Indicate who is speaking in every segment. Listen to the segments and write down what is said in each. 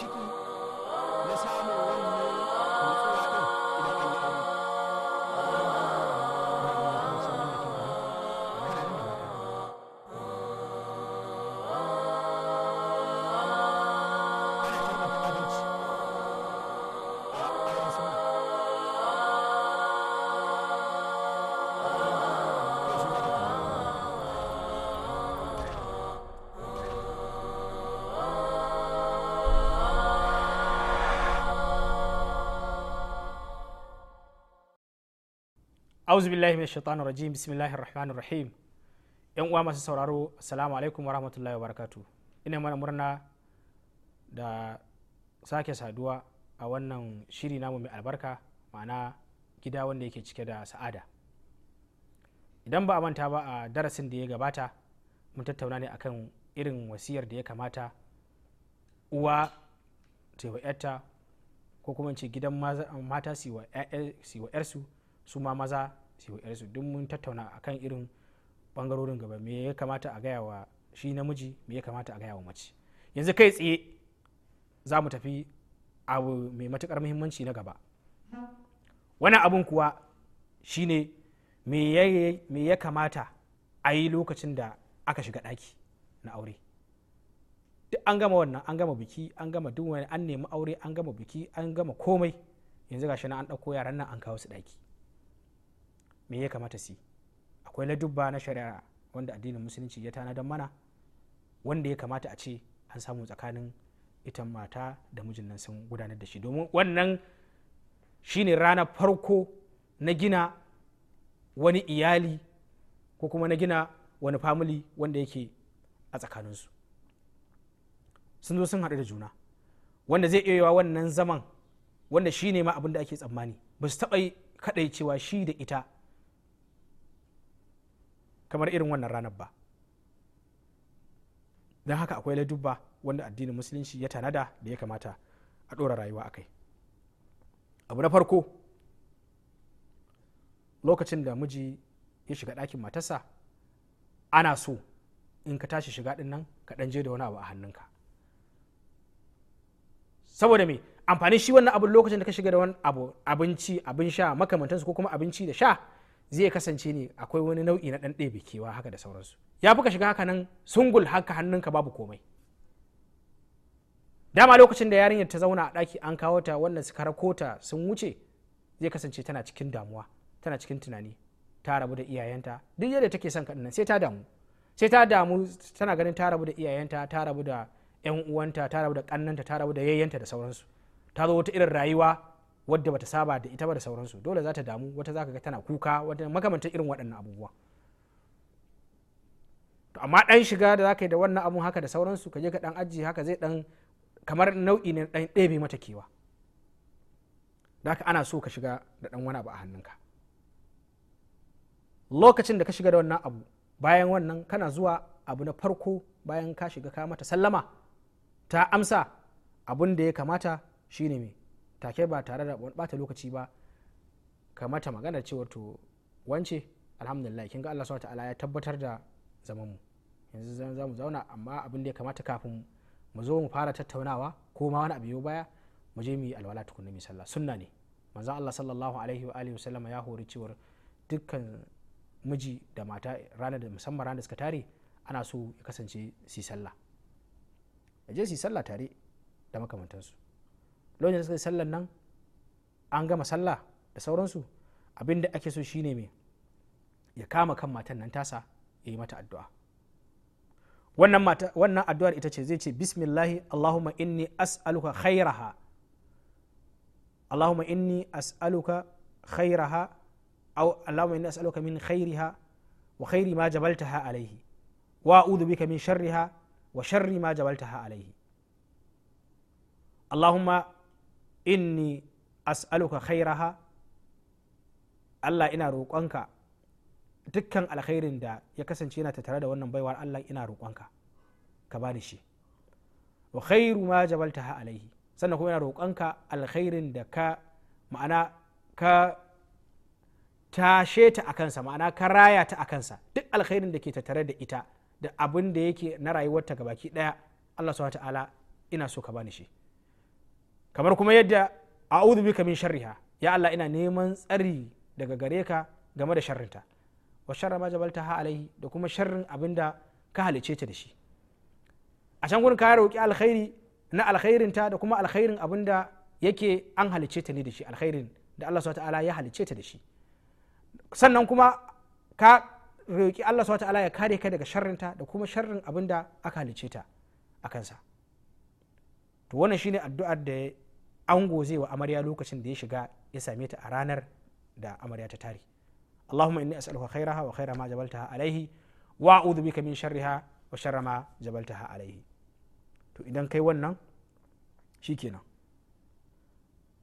Speaker 1: 마시고 auzu billahi mai shaitanu rajim bismillahir rahmanir rahim yan uwa masu sauraro assalamu alaikum wa rahmatullahi wa barakatu ina mana murna da sake saduwa a wannan shiri namu mai albarka ma'ana gida wanda yake cike da sa'ada idan ba a manta ba a darasin da ya gabata mun tattauna ne akan irin wasiyar da ya kamata uwa ta 'yarta ko kuma ce gidan mata su wa 'yarsu su ma maza su yi yarsu duk mun tattauna akan irin bangarorin gaba me ya kamata a gaya wa shi namiji me ya kamata a gaya wa mace yanzu kai tsaye za mu tafi abu mai matukar muhimmanci na gaba wani abun kuwa shine me ya kamata a yi lokacin da aka shiga ɗaki na aure duk an gama wannan an gama biki an gama duk wani an nemi aure an gama biki an gama komai yanzu gashi na an ɗauko yaran nan an kawo su ɗaki me ya kamata si akwai ladubba na shari'a wanda addinin musulunci ya tana don mana wanda ya kamata a ce an samu tsakanin ita mata da mijin nan sun gudanar da shi domin wannan shine rana farko na gina wani iyali ko kuma na gina wani famili wanda yake a tsakaninsu sun zo sun haɗu da juna wanda zai iya wannan zaman wanda shine ma abin da ake tsammani ba su taɓa kaɗai cewa shi da ita kamar irin wannan ranar ba don haka akwai ladubba wanda addinin musulunci ya tanada da ya kamata a ɗora rayuwa a kai abu na farko lokacin da miji ya shiga ɗakin matarsa ana so in ka tashi shiga ɗin nan ka ɗan je da wani abu a hannunka saboda mai amfani shi wannan abin lokacin da ka shiga da wani abinci abin sha makamantansu ko kuma abinci da sha zai kasance ne akwai wani nau'i na ɗan ɗebe kewa haka da sauransu ya fi ka shiga haka nan sungul haka hannunka babu komai dama lokacin da yarinyar ta zauna a ɗaki an kawo ta wannan suka karakota sun wuce zai kasance tana cikin damuwa tana cikin tunani ta rabu da iyayenta duk yadda take son kaɗin sai ta damu sai ta damu tana ganin ta rabu da iyayenta ta rabu da yan uwanta ta rabu da ƙannanta ta rabu da yayyanta da sauransu ta zo wata irin rayuwa wadda bata saba da ita ba da sauransu dole za ta damu wata za ka ga tana kuka wata makamantar irin waɗannan abubuwa to amma ɗan shiga da za ka yi da wannan abun haka da sauransu ka je ka ɗan ajiye haka zai ɗan kamar nau'i ne ɗan ɗebe mata kewa da haka ana so ka shiga da ɗan wani abu a hannunka lokacin da ka shiga da wannan abu bayan wannan kana zuwa abu na farko bayan ka shiga ka mata sallama ta amsa abun da ya kamata shine mai take ba tare da bata lokaci ba ka mata maganar cewa to wance alhamdulillah kin ga Allah subhanahu ta'ala ya tabbatar da zaman mu yanzu za mu zauna amma abin da ya kamata kafin mu zo mu fara tattaunawa ko ma wani abu baya mu je mu yi alwala tukunna mu sallah sunna ne manzon Allah sallallahu alaihi wa alihi wasallam ya hori cewa dukkan miji da mata ranar da musamman ranar da suka tare ana so ya kasance su sallah ya je su sallah tare da makamantansu lokacin da suka yi sallan nan an gama sallah da sauransu abin da ake so shine me ya kama kan matan nan tasa ya yi mata addu'a wannan addu'ar ita ce zai ce bismillahi allahumma inni as'aluka khairaha allahumma inni as'aluka khairaha aw allahumma inni as'aluka min khairiha wa khairi ma jabaltaha alaihi wa a'udhu bika min sharriha wa sharri ma jabaltaha alaihi allahumma inni as'aluka khairaha Allah ina roƙonka dukkan alkhairin da ya kasance yana tattare da wannan baiwar Allah ina roƙonka ka bani shi wa khairu ma jabaltaha alaihi sannan kuma ina roƙonka alkhairin da ka ma'ana ka tashe ta a kansa ma'ana ka raya ta a kansa duk alkhairin da ke tattare da ita da abin da yake na rayuwarta gabaki ɗaya Allah subhanahu ta'ala ina so ka bani shi kamar kuma yadda a'udhu ka min shariha ya Allah ina neman tsari daga gare ka game da sharrinta wa sharra ma ha alaihi da kuma sharrin abinda ka halice ta da shi a can gurin ka roƙi alkhairi na alkhairin ta da kuma alkhairin abinda yake an halice ta ne da shi alkhairin da Allah subhanahu ya halice ta da shi sannan kuma ka roƙi Allah subhanahu ya kare ka daga sharrinta da kuma sharrin abinda aka halice ta a kansa to wannan shine addu'ar da ango zai wa amarya lokacin da ya shiga ya same ta a ranar da amarya ta tare allahumma inni as'aluka khairaha wa khaira ma jabaltaha alaihi wa a'udhu bika min sharriha wa sharra ma jabaltaha alaihi to idan kai wannan shikenan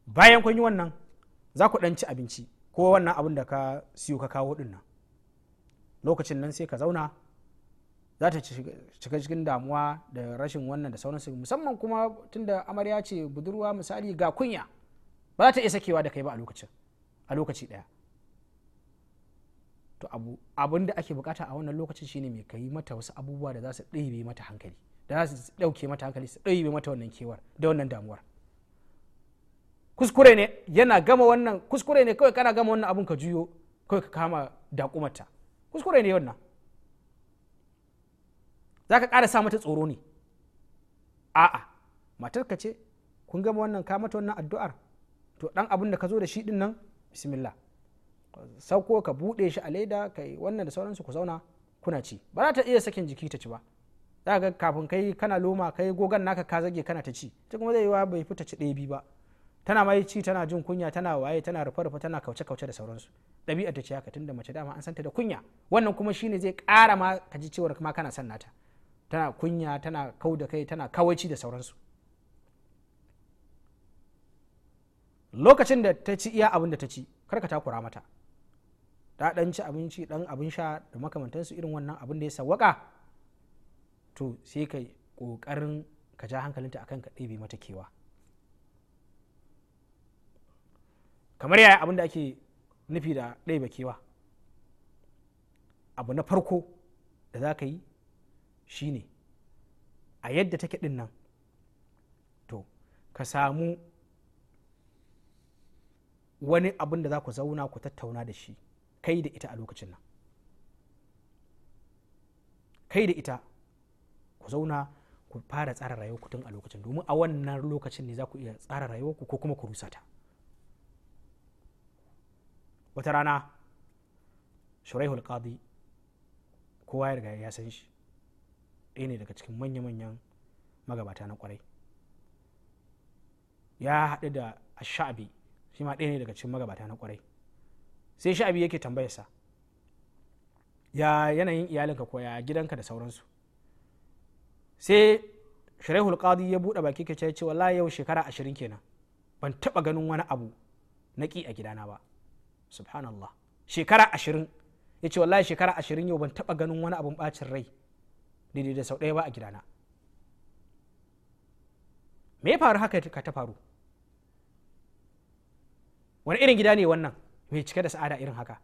Speaker 1: bayan kun yi wannan za ku ci abinci ko wannan abin da ka siyo ka kawo din lokacin nan sai ka zauna za ta cika cikin damuwa da rashin wannan da sauransu musamman kuma tunda amarya ce budurwa misali ga kunya ba za ta iya sakewa da kai ba a lokacin a lokaci daya to abu abin da ake bukata a wannan lokacin shine mai kai mata wasu abubuwa da za su ɗaibe mata hankali da za su ɗauke mata hankali su ɗaibe mata wannan kewar da wannan damuwar kuskure ne yana gama wannan kuskure ne kawai kana gama wannan abun ka juyo kawai ka kama dakumarta kuskure ne wannan za ka ƙara sa mata tsoro ne a'a matarka ce kun gama wannan ka mata wannan addu'ar to ɗan abin da ka zo da shi ɗin nan bismillah sauko ka buɗe shi a leda ka yi wannan da sauransu ku zauna kuna ci ba za ta iya sakin jiki ta ci ba za ka kafin kai kana loma kai gogan naka ka zage kana ta ci ta kuma zai yi wa bai fita ci ɗaya biyu ba tana mai ci tana jin kunya tana waye tana rufe rufe tana kauce kauce da sauransu ɗabi'ar ta ce haka da mace dama an santa da kunya wannan kuma shine zai ƙara ma ka ji cewar ma kana son nata tana kunya tana kau da kai tana kawaici da sauransu lokacin da ta ci iya abin da ta ci karka takura mata ta dan ci abinci dan abin sha da makamantansu irin wannan abin da ya sawaka to sai ka kokarin ka ja hankalinta akan ka ɗebe mata kewa kamar yaya abin da ake nufi da ɗebe kewa abu na farko da za ka yi shine a yadda take ɗin nan to ka samu wani abin da za ku zauna ku tattauna da shi kai da ita a lokacin nan kai da ita ku zauna ku fara tsara rayuwarku tun a lokacin domin a wannan lokacin ne za ku iya tsara rayuwarku ko kuma ku rusa ta wata rana shuraihul qadi kowa ya riga ya san shi ɗaya ne daga cikin manya-manyan magabata na kwarai ya haɗu da sha'abi shi ma ɗaya ne daga cikin magabata na kwarai sai sha'abi yake tambayarsa ya yanayin iyalinka ko ya gidanka da sauransu sai Shirai Hulƙadi ya buɗe baki ke ce wallahi yau shekara ashirin kenan ban taɓa ganin wani abu na ƙi a gidana ba subhanallah shekara ashirin ya ce wallahi shekara ashirin yau ban taɓa ganin wani abun ɓacin rai daidai da sau ɗaya ba a gidana me ya faru haka ka ta faru wani irin gida ne wannan mai cike da sa'ada irin haka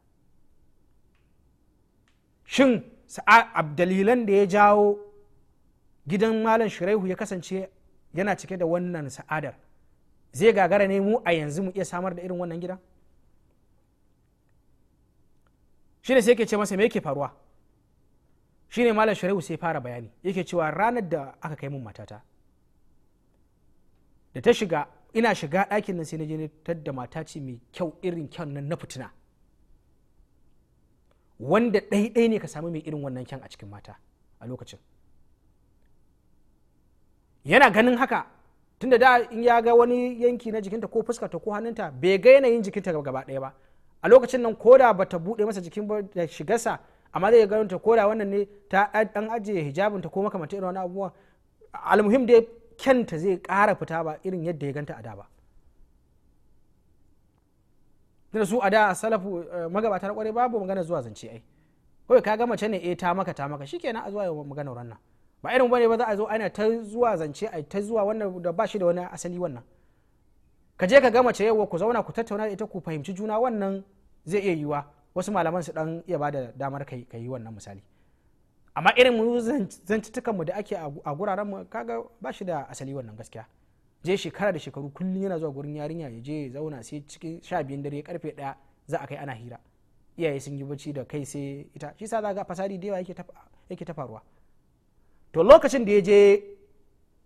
Speaker 1: shin Abdalilan da ya jawo gidan malam shiraihu ya kasance yana cike da wannan sa'adar zai gagara ne mu a yanzu mu iya samar da irin wannan gidan shi ne sai ke ce masa me yake faruwa Shi ne malam shari'u sai fara bayani yake cewa ranar da aka kai mun matata da ta shiga ina shiga ɗakin nan sai na jini na mata ce mai kyau irin kyan nan na fitina wanda ɗaiɗai ne ka samu mai irin wannan kyan a cikin mata a lokacin yana ganin haka tunda da in ya ga wani yanki na jikinta ko fuska ta ko hannunta bai ga yanayin jikinta gaba ɗaya ba a lokacin nan ko da bata buɗe masa jikin ba da shigarsa amma zai ganin ta koda wannan ne ta dan ajiye hijabinta ko makamantar irin wani abubuwa almuhim dai kyanta zai kara fita ba irin yadda ya ganta a da ba da su a da salafu eh, magabata na kwarai babu magana zuwa zance ai kawai ka ga mace ne eh ta maka ta maka shikenan a zuwa yau magana wannan ba irin bane ba za a zo ana ta zuwa zance ai ta zuwa wannan da ba shi da wani asali wannan ka je ka ga mace yau ku zauna ku tattauna da ita ku fahimci juna wannan zai iya yiwa wasu malaman su dan iya bada damar kai kai wannan misali amma irin mu zantutukan mu da ake a guraren mu kaga ba shi da asali wannan gaskiya je shekara da shekaru kullum yana zuwa gurin yarinya ya je zauna sai cikin sha biyun dare karfe daya za a kai ana hira iyaye sun yi bacci da kai sai ita shi sa zaga fasari da yawa yake ta faruwa to lokacin da ya je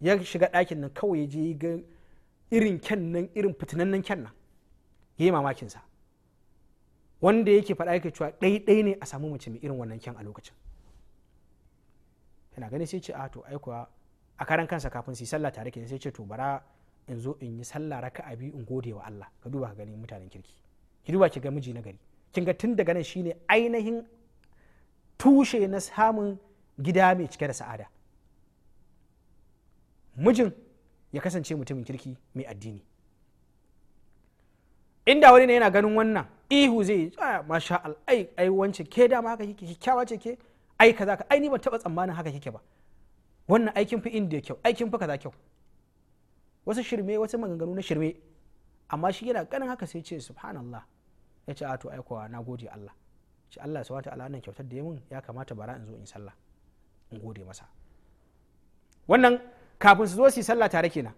Speaker 1: ya shiga ɗakin nan kawai ya je ga irin kyan nan irin fitinannen kyan nan ya yi sa wanda yake faɗa yake cewa ɗaiɗai ne a samu mace mai irin wannan kyan a lokacin yana gani sai ce a to ai kuwa a karan kansa kafin su yi sallah tare kenan sai ce to bara in zo in yi sallah raka a biyu in gode wa Allah ka duba ka gani mutanen kirki ki duba ki ga miji na gari kin ga tun daga nan shine ainihin tushe na samun gida mai cike da sa'ada mijin ya kasance mutumin kirki mai addini inda wani ne yana ganin wannan ihu zai yi ah, masha al'ai ai wance ke dama haka kike kyakkyawa ce ke ai kaza ka ai ni ban taba tsammanin haka kike ba wannan aikin fi inda kyau aikin fi kaza kyau wasu shirme wasu maganganu na shirme amma shi yana ganin haka sai ce subhanallah ya ce ato ah, na gode Allah shi Allah ya ta'ala wannan kyautar da ya mun ya kamata bara in zo in sallah in gode masa wannan kafin su zo su yi sallah tare kenan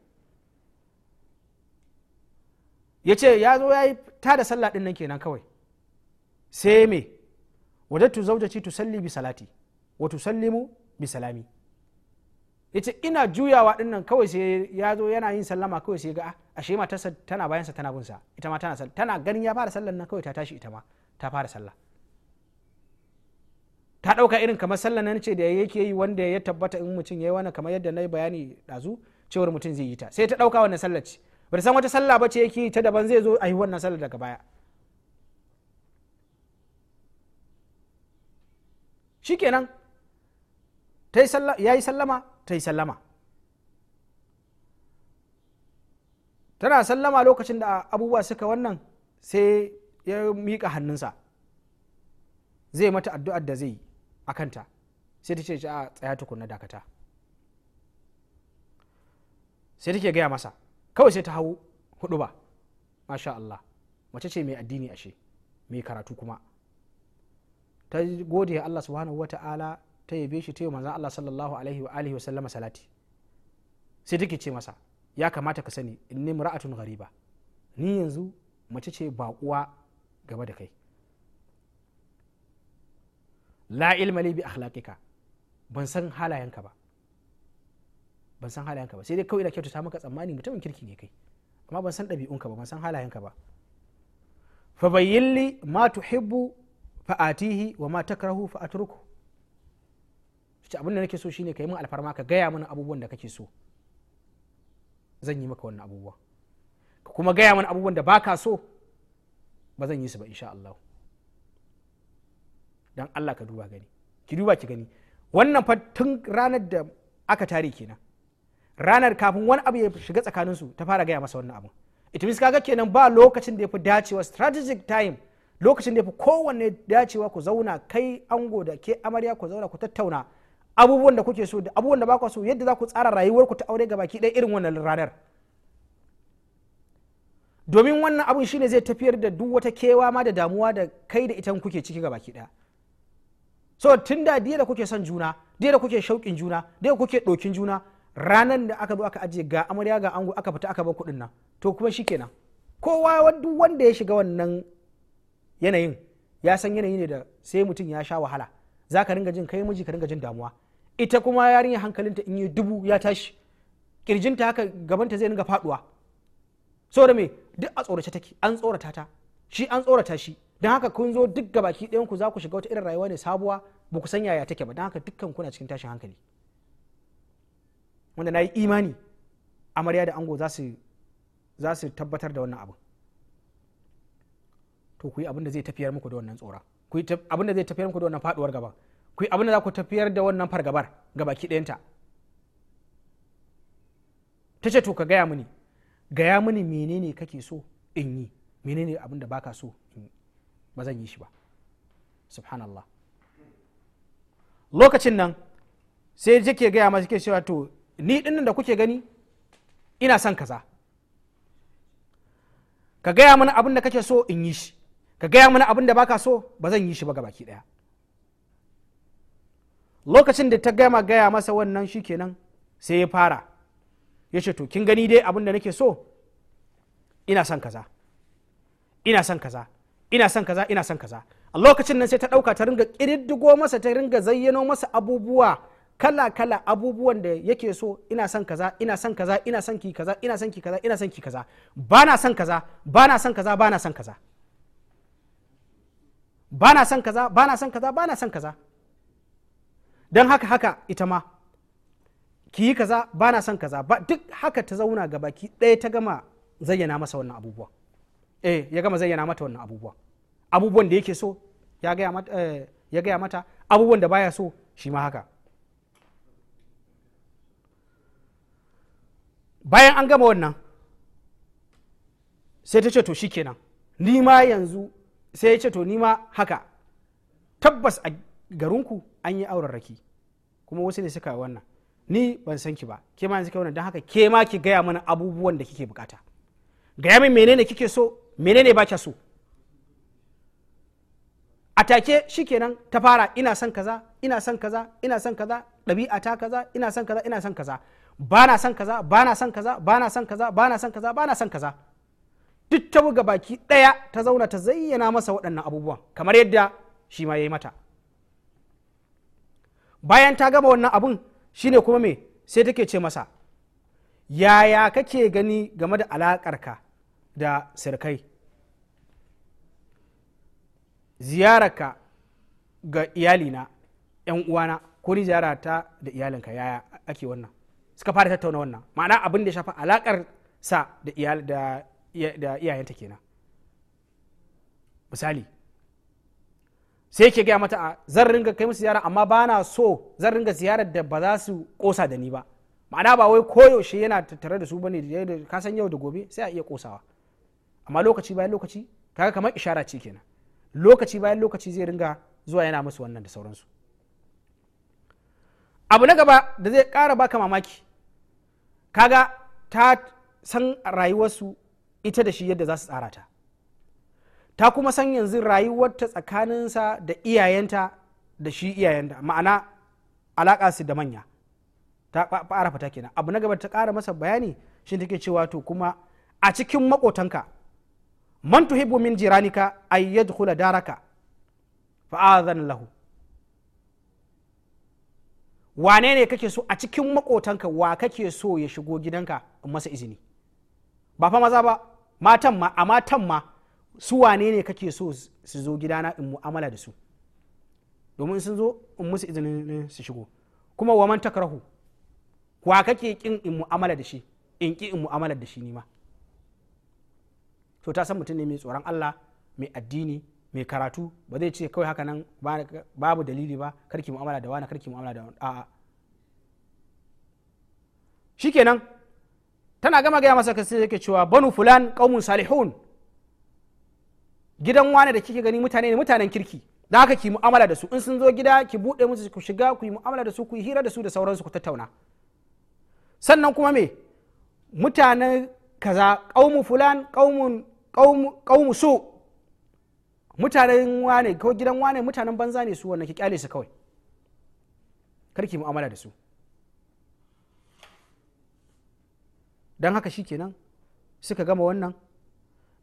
Speaker 1: ya ce ya zo ya yi ta da sallah ɗin nan kenan kawai sai me tu wadattu ci tu salli bi salati wa tu sallimu bi salami ya ce ina juyawa ɗin nan kawai sai ya zo yana yin sallama kawai sai ga ah, ashe ma tana bayansa tana bunsa ita ma tana tana ganin ya fara sallan nan kawai ta tashi ita ma ta fara sallah ta ɗauka irin kamar sallan nan ce da yake yi wanda ya tabbata in mutum ya yi wani kamar yadda na yi bayani ɗazu cewar mutum zai yi ta sai ta ɗauka wannan sallar ce bai san wata sallah ba ce yake ta daban zai zo a yi wannan sallah daga baya shikenan ya yi sallama ta yi sallama tana sallama lokacin da abubuwa suka wannan sai ya miƙa hannunsa zai mata addu'ar da zai a kanta sai ta ce a tsaya tukun na dakata sai take gaya masa kawai sai ta hau hudu ba masha Allah mace ce mai addini ashe mai karatu kuma ta gode Allah subhanahu wata'ala ta yabe shi ta yi manzan Allah sallallahu alaihi wa alihi wa sallama salati sai take ce masa ya kamata ka sani in inni mura'atun ghariba ni yanzu mace ce baƙuwa gaba da kai la ilmali bi akhlaqika ban san halayenka ba ban san halayenka ba sai dai kawai ina kyautata maka tsammani mutumin kirki ne kai amma ban san ɗabi'unka ba ban san halayenka ba fa bayyilli ma tuhibbu fa atihi wa ma takrahu fa atruku ce abin da nake so shine kai min alfarma ka gaya mana abubuwan da kake so zan yi maka wannan abubuwa ka kuma gaya mana abubuwan da baka so ba zan yi su ba insha Allah dan Allah ka duba gani ki duba ki gani wannan fa tun ranar da aka tare kenan ranar kafin wani abu ya shiga tsakaninsu ta fara gaya masa wannan abu it means kaga kenan ba lokacin da ya fi dacewa strategic time lokacin da ya fi kowanne dacewa ku zauna kai ango da ke amarya ku zauna ku tattauna abubuwan da kuke so da abubuwan da ba ku so yadda za ku tsara rayuwar ku ta aure ga baki ɗaya irin wannan ranar domin wannan abun shine zai tafiyar da duk wata kewa ma da damuwa da kai da ita kuke ciki ga baki ɗaya so tun da da kuke son juna da kuke shauƙin juna da kuke ɗokin juna ranan da aka zo aka ajiye ga amarya ga ango aka fita aka bar kuɗin nan to kuma shi shikenan kowa duk wanda ya shiga wannan yanayin ya san yanayi ne da sai mutum ya sha wahala za ka ringa jin kai miji ka ringa jin damuwa ita kuma yarinya hankalinta in yi dubu ya tashi kirjinta haka gabanta zai ringa faduwa so da me duk a tsorace take an tsorata ta shi an tsorata shi don haka kun zo duk gabaki ɗayan ku za ku shiga wata irin rayuwa ne sabuwa ba ku san yaya take ba don haka dukkan kuna cikin tashin hankali wanda na yi imani amarya da ango za su tabbatar da wannan abin to ku yi abin da zai tafiyar muku da wannan tsora ku yi abin da zai tafiyar muku da wannan faduwar gaba ku yi abin da za ku tafiyar da wannan fargabar gabaki ɗayanta ta ce to ka gaya mini gaya mini menene kake so in yi menene abin da baka so in yi ba zan yi shi ba subhanallah lokacin nan sai jike gaya masu ke cewa to ni dinnan da kuke gani ina son kaza ka gaya mana abin da kake so in yi shi ka gaya mana abin da baka so ba zan yi shi ba ga baki daya lokacin da ta gama gaya masa wannan shi kenan sai ya fara ya ce to kin gani dai abin da nake so ina son kaza ina son kaza ina son kaza ina son kaza a lokacin nan sai ta ɗauka ta ringa ƙididdigo masa ta ringa zayyano masa abubuwa kala kala abubuwan da yake so ina son kaza ina son kaza ina son ki kaza ina son ki kaza ina son ki kaza ba na son kaza ba na son kaza ba na son kaza ba na son kaza ba na son kaza ba na son kaza don haka haka ita ma ki yi kaza ba na son kaza ba duk haka ta zauna ga baki ɗaya ta gama zayyana masa wannan abubuwa eh ya gama zayyana mata wannan abubuwa abubuwan da yake so eh, ya gaya mata abubuwan da baya so shi ma haka bayan an gama wannan sai ta ce to shikenan ni ma yanzu sai ya ce to ni ma haka tabbas a garinku an yi auren raki kuma wasu ne suka wannan ni ban san ki ba ke ma yanzu kai wannan don haka ke ma ki gaya mana abubuwan da kike bukata gaya min menene kike so menene ba so a take shikenan ta fara ina son kaza ina son kaza ina son kaza ɗabi'a ta kaza ina son kaza ina son kaza bana son kaza bana son kaza bana son kaza bana son kaza bana san kaza duk ta buga baki ɗaya ta zauna ta zayyana masa waɗannan abubuwan kamar yadda shi ma yayi mata bayan ta gama wannan abun shine kuma me sai take ce masa yaya kake gani game da ka da sirkai ziyararka ga iyalina 'yan uwana ko ni ziyara ta da iyalinka yaya ake wannan suka fara tattauna wannan ma'ana abin da shafa alakar sa da iyayenta kenan misali sai ke gaya mata a zan ringa kai musu ziyara amma bana so zan ringa ziyarar da ba za su kosa da ni ba ma'ana ba wai koyaushe yana tattare da su bane da ka san yau da gobe sai a iya kosawa amma lokaci bayan lokaci kaga kamar ishara ce kenan lokaci bayan lokaci zai ringa zuwa yana musu wannan da sauransu abu na gaba da zai kara baka mamaki kaga ta san rayuwarsu ita da shi yadda za su tsara ta ta kuma san yanzu rayuwarta tsakaninsa da iyayenta da shi iyayenta ma'ana alaƙa su da manya ta fara fata kenan abu na gaba ta ƙara masa bayani shi take cewa to kuma a cikin makotanka man tuhibbu min jiranika ay yadkhula daraka fa'adhan lahu wane ne kake so a cikin makotanka wa kake so ya shigo gidanka in masa izini ba fa maza ba matan ma a matan ma su wane ne kake so su zo gidana in mu'amala da su domin sun zo in musu izinin su shigo kuma wa man takrahu wa kake kin in mu'amala da shi in ki in mu'amala da shi ma to ta san mutum ne mai tsoron Allah mai addini mai karatu ba zai ce kawai haka nan babu dalili ba karki mu'amala da wani karki mu'amala da wani a'a shikenan tana gama gaya masa kasance yake cewa banu fulan qaumun salihun gidan wani da kike gani mutane ne mutanen kirki da haka ki mu'amala da su in sun zo gida ki bude musu ku shiga ku yi mu'amala da su ku yi hira da su da sauransu ku tattauna sannan kuma me mutanen kaza qaumu fulan qaumun qaumu su mutanen wane ko gidan wane mutanen banza ne su wannan ki kyale su kawai karki mu'amala da su don haka shi kenan suka gama wannan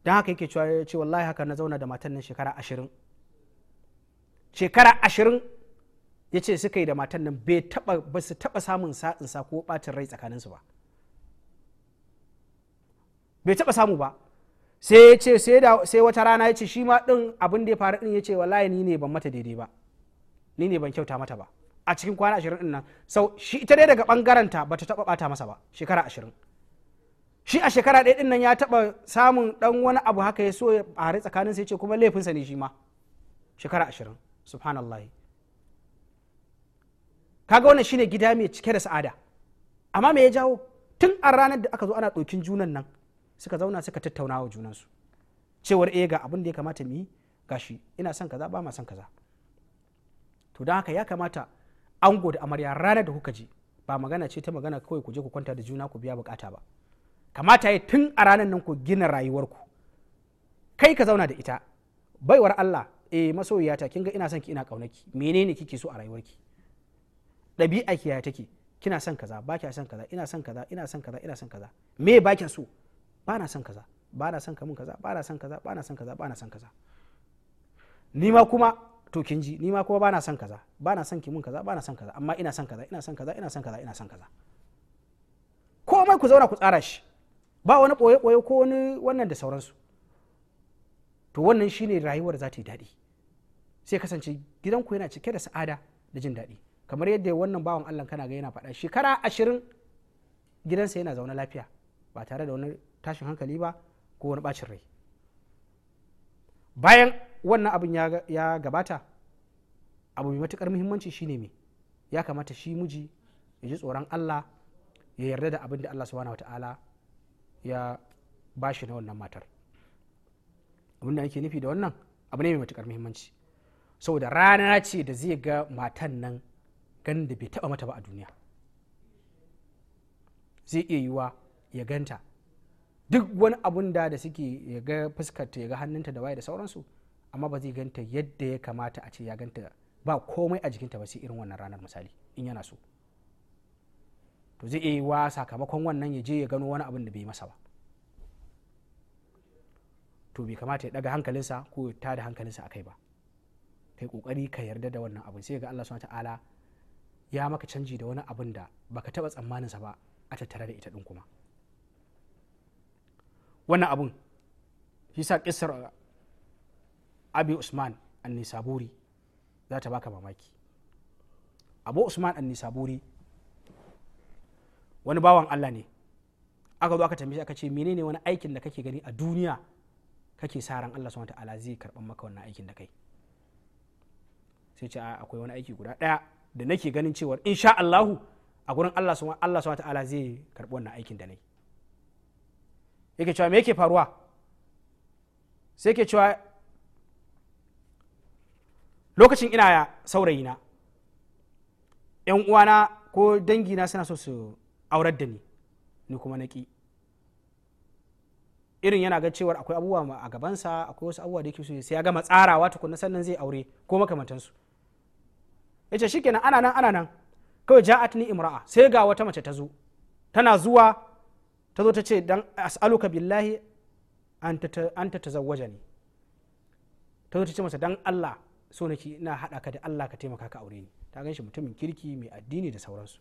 Speaker 1: don haka yake cewa ce wallahi haka na zauna da matan nan shekara ashirin shekara ashirin ya ce suka yi da matan nan ba su taba samun sa'insa ko batin rai tsakaninsu ba bai taba samu ba sai ya ce sai wata rana ya ce shi ma din abin da ya faru din ya ce wallahi ni ne ban mata daidai ba ni ne ban kyauta mata ba a cikin kwana ashirin din nan sau shi ita dai daga bangaren ta bata taba bata masa ba shekara ashirin shi a shekara ɗaya din nan ya taba samun dan wani abu haka ya so ya bare tsakanin sai ce kuma laifinsa ne shi ma shekara ashirin subhanallahi kaga wannan shine gida mai cike da sa'ada amma me ya jawo tun a ranar da aka zo ana ɗokin junan nan suka zauna suka tattauna wa junansu cewar eh ga abin da ya kamata mu yi gashi ina son kaza ba ma son kaza to don haka ya kamata ango da amarya ranar da kuka je ba magana ce ta magana kawai ku je ku kwanta da juna ku biya bukata ba kamata ya tun a ranar nan ku gina rayuwarku kai ka zauna da ita baiwar Allah eh masoyiyata kin ga ina son ki ina kaunaki menene kike so a rayuwarki ɗabi'a ki ya take kina son kaza ba kya son kaza ina son kaza ina son kaza ina son kaza me ba kya so Bana son kaza bana na son kamun kaza bana son kaza bana son kaza bana son kaza ni ma kuma to kin ji ni ma kuma bana son kaza bana na son kimun kaza bana son kaza amma ina son kaza ina son kaza ina son kaza ina son kaza komai ku zauna ku tsara shi ba wani ɓoye ɓoye ko wani wannan da sauransu to wannan shine rayuwar za ta yi daɗi sai kasance gidanku yana cike da sa'ada da jin daɗi kamar yadda wannan bawan allah kana ga yana faɗa shekara ashirin gidansa yana zaune lafiya ba tare da wani tashin hankali ba ko wani bacin rai bayan wannan abin ya gabata abu mai matukar muhimmanci shine me ya kamata shi miji ya ji tsoron allah ya yarda da abin da allah subhanahu wata'ala ya bashi na wannan matar abin da ake nufi da wannan abu ne mai matukar muhimmanci saboda rana ce da zai ga matan nan da bai taba mata ba a duniya zai iya yiwa ya ganta duk wani abun da da suke ya ga fuskarta ya ga hannunta da waye da sauransu amma ba zai ganta yadda ya kamata a ce ya ganta ba komai a jikinta ba sai irin wannan ranar misali in yana so to zai iya wa sakamakon wannan ya je ya gano wani abun da bai masa ba to bai kamata ya daga hankalinsa ko ya tada hankalinsa a kai ba kai kokari ka yarda da wannan abun sai ga Allah subhanahu ta'ala ya maka canji da wani abun da baka taba tsammaninsa ba a tattare da ita din kuma wannan abun sa kisar abi usman annisaburi za ta baka mamaki abu usman annisaburi wani bawan allah ne aka zo aka tambaye aka ce menene wani aikin da kake gani a duniya kake sa ran allah subhanahu ta'ala zai karban maka wannan aikin da kai sai ce akwai wani aiki guda ɗaya da nake ganin cewa insha allahu a gurin allah subhanahu ta'ala zai karbi wannan aikin da nai. yake cewa me yake faruwa sai yake cewa lokacin ina ya saurayina yan uwana ko dangina suna so su aurar da ni ni kuma naki irin yana ga cewar akwai abubuwa a gabansa akwai wasu abubuwa da yake so sai ya gama tsarawa tukunna sannan zai aure ko makamantansu ya ce shikenan ana nan ana nan kawai ja'atni ni imra'a sai ga wata mace ta zo tana zuwa ta zo ta ce dan as'aluka billahi an ta tazawwaja ni ta zo ta ce masa dan Allah so nake ina haɗa ka da Allah ka taimaka ka aure ni ta ganshi mutumin kirki mai addini da sauransu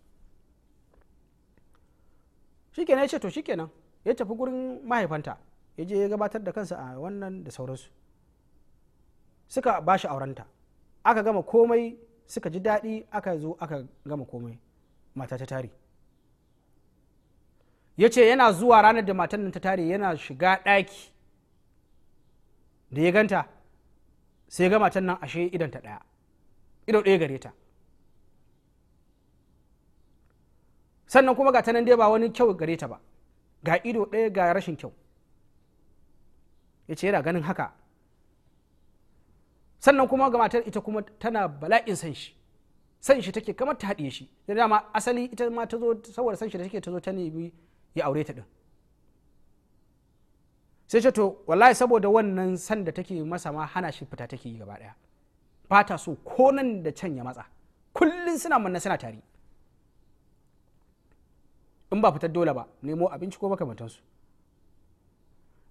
Speaker 1: shikenan ya ce to shikenan ya tafi gurin mahaifanta ya je ya gabatar da kansa a wannan da sauransu suka ba shi aurenta aka gama komai suka ji daɗi aka zo aka gama komai mata ta tari. ya ce yana zuwa ranar da matan nan ta tare yana shiga ɗaki da ya ganta sai ga matan nan ashe idanta ɗaya ido ɗaya gare ta sannan kuma ga ta nan dai ba wani kyau gare ta ba ga ido ɗaya ga rashin kyau ya ce yana ganin haka sannan kuma ga matar ita kuma tana bala'in san shi san shi take kamar ta haɗe shi da dama asali ita ma ta zo saboda san shi da take ta zo ta nemi ya aure ta din sai ce to wallahi saboda wannan san da take masa ma hana shi fita take yi gaba daya fata so ko nan da can ya matsa kullum suna manna suna tari in ba fitar dole ba nemo abinci ko makamantansu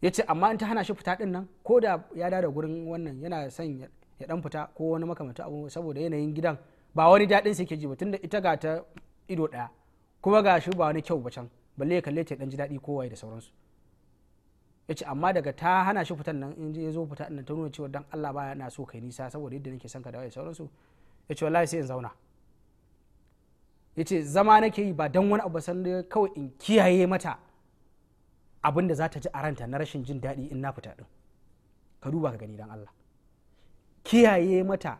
Speaker 1: ya ce amma in ta hana shi fita din nan ko da ya da gurin wannan yana son ya dan fita ko wani makamantan abu saboda yanayin gidan ba wani daɗin sai ke ji ba tunda ita ga ta ido daya kuma ga shi ba wani kyau ba can balle ya kalle ta dan ji daɗi kowaye da sauransu ya ce amma daga ta hana shi fitan nan in ya zo fita nan ta nuna cewa dan Allah baya na so kai nisa saboda yadda nake son ka dawo da sauransu ya ce wallahi sai in zauna ya ce zama nake yi ba dan wani abu san kawai in kiyaye mata abin da za ta ji a ranta na rashin jin daɗi in na fita din ka duba ka gani dan Allah kiyaye mata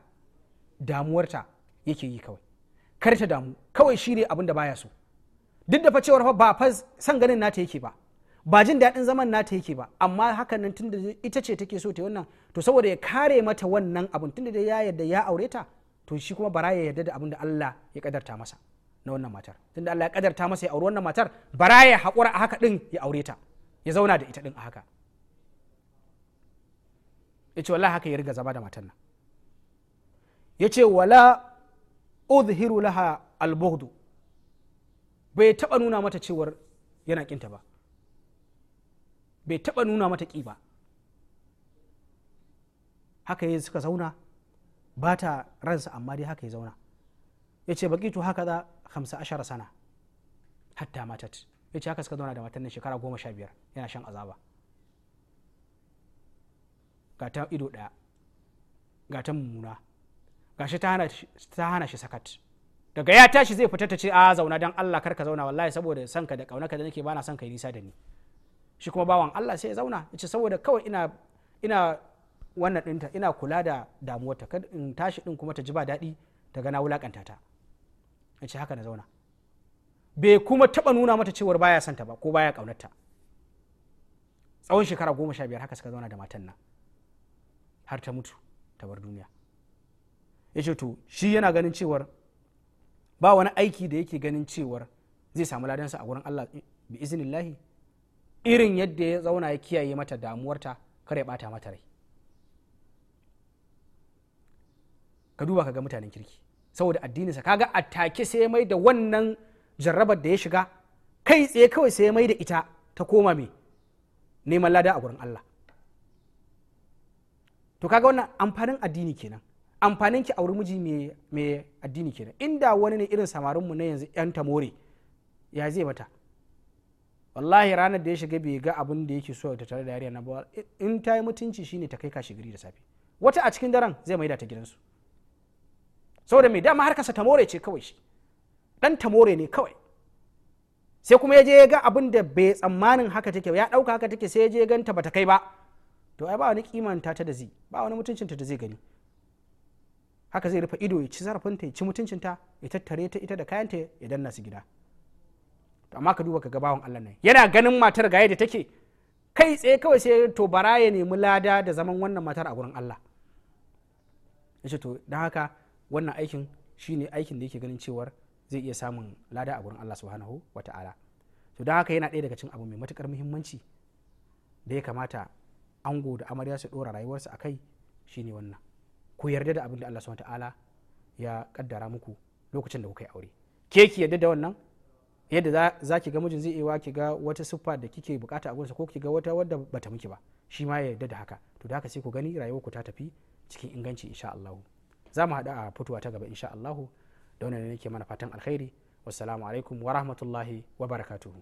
Speaker 1: damuwarta yake yi kawai kar ta damu kawai shi ne abin da baya so duk da fa cewar fa ba fa san ganin nata yake ba ba jin daɗin zaman nata yake ba amma hakan nan tunda ita ce take so ta wannan to saboda ya kare mata wannan abun tunda da ya yarda ya aure ta to shi kuma bara ya yarda da abin da Allah ya kadarta masa na wannan matar tunda Allah ya kadarta masa ya aure wannan matar bara ya haƙura a haka din ya aure ta ya zauna da ita din a haka ya ce wallahi haka ya riga zama da matan nan ya ce wala udhiru laha albughdu bai taba nuna mata cewar yana kinta ba bai taɓa nuna mata ƙi ba haka ya suka zauna ba ta ransa amma dai haka ya zauna ya ce baƙitu haka za hamsa ashara sana hatta matat ya ce haka suka zauna da matan shekara goma sha biyar yana shan azaba ga ta ido ɗaya ga ta mummuna ga ta hana shi sakat daga ya tashi zai fita ta ce a zauna dan Allah kar ka zauna wallahi saboda san ka da kauna da nake bana son kai nisa da ni shi kuma bawan Allah sai ya zauna ya ce saboda kawai ina ina wannan dinta ina kula da damuwarta kada in tashi din kuma ta ji ba daɗi ta ga na wulakanta ta ya ce haka na zauna bai kuma taba nuna mata cewar baya son ta ba ko baya kaunarta tsawon shekara goma sha biyar haka suka zauna da matan nan har ta mutu ta bar duniya ya ce to shi yana ganin cewar ba wani aiki da yake ganin cewar zai samu ladansa a wurin Allah bi iznillahi irin yadda ya zauna ya kiyaye mata damuwarta kar ya bata mata rai ka duba ka ga mutanen kirki saboda addininsa kaga attake sai mai da wannan jarrabar da ya shiga kai tsaye kawai sai mai da ita ta koma me neman lada a gurin Allah to kaga wannan amfanin addini kenan amfanin ki auri miji mai addini kenan inda wani ne irin samarin mu na yanzu yan tamore ya zai bata wallahi ranar da ya shiga bai ga abin da yake so ta tare da yariya na ba in ta yi mutunci shine ta kai kashi gari da safe wata a cikin daren zai maida ta gidansu saboda mai dama har kasa tamore ce kawai shi dan tamore ne kawai sai kuma ya je ya ga abin da bai tsammanin haka take ya dauka haka take sai ya je ganta bata kai ba to ai ba wani kimanta ta da zai ba wani mutuncinta da zai gani haka zai rufe ido ya ci zarafinta ya ci mutuncinta ya tattare ta ita da kayanta ya danna su gida to amma ka duba ka gabawan Allah nan yana ganin matar ga yadda take kai tsaye kawai sai to bara ya nemi lada da zaman wannan matar a gurin Allah yace to dan haka wannan aikin shine aikin da yake ganin cewar zai iya samun lada a gurin Allah subhanahu wata'ala to dan haka yana ɗaya daga cikin abu mai matukar muhimmanci da ya kamata ango da amarya su ɗora rayuwarsa a kai shine wannan ku yarda da abin da Allah subhanahu ta'ala ya kaddara muku lokacin da kuka yi aure ke ki yarda da wannan yadda za ki ga mijin zai iya ki ga wata siffa da kike bukata a gunsa ko ki ga wata wadda bata miki ba shi ma ya yarda da haka to da haka sai ku gani rayuwar ku ta tafi cikin inganci insha Allah za mu haɗu a fitowa ta gaba insha Allah da wannan nake mana fatan alkhairi wassalamu alaikum wa rahmatullahi wa barakatuhu